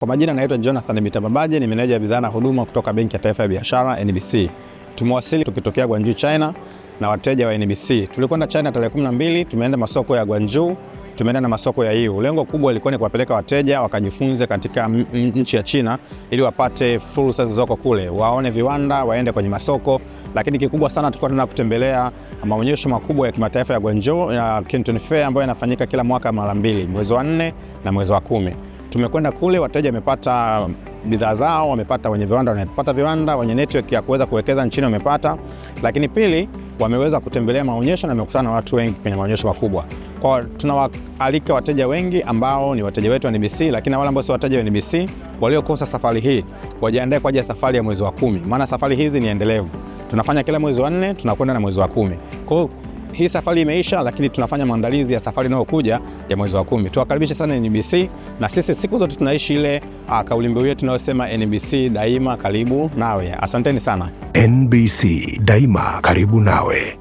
Kwa majina naitwa Jonathan Mitambambaje, ni meneja bidhaa na huduma kutoka Benki ya Taifa ya Biashara NBC. Tumewasili tukitokea Guangzhou China na wateja wa NBC. Tulikwenda China tarehe 12, tumeenda masoko ya Guangzhou, tumeenda na masoko ya Yiwu. Lengo kubwa lilikuwa ni kuwapeleka wateja wakajifunze katika nchi ya China ili wapate fursa zilizoko kule, waone viwanda, waende kwenye masoko, lakini kikubwa sana tulikuwa tunaenda kutembelea maonyesho makubwa ya kimataifa ya Guangzhou ya Canton Fair ambayo yanafanyika kila mwaka mara mbili, mwezi wa 4 na mwezi wa kumi. Tumekwenda kule, wateja wamepata bidhaa zao, wamepata wenye viwanda, wamepata viwanda, wenye network ya kuweza kuwekeza nchini wamepata, lakini pili, wameweza kutembelea maonyesho na wamekutana na watu wengi kwenye maonyesho makubwa. Kwa tunawaalika wateja wengi ambao ni wateja wetu wa NBC, lakini wale ambao si wateja wa NBC waliokosa safari hii wajiandae kwa ajili ya safari ya mwezi wa kumi, maana safari hizi ni endelevu. Tunafanya kila mwezi wa nne, tunakwenda na mwezi wa kumi. Kwa hiyo hii safari imeisha, lakini tunafanya maandalizi ya safari inayokuja ya mwezi wa kumi. Tuwakaribishe sana NBC, na sisi siku zote tunaishi ile ah, kauli mbiu yetu tunayosema NBC daima karibu nawe. Asanteni sana. NBC daima karibu nawe.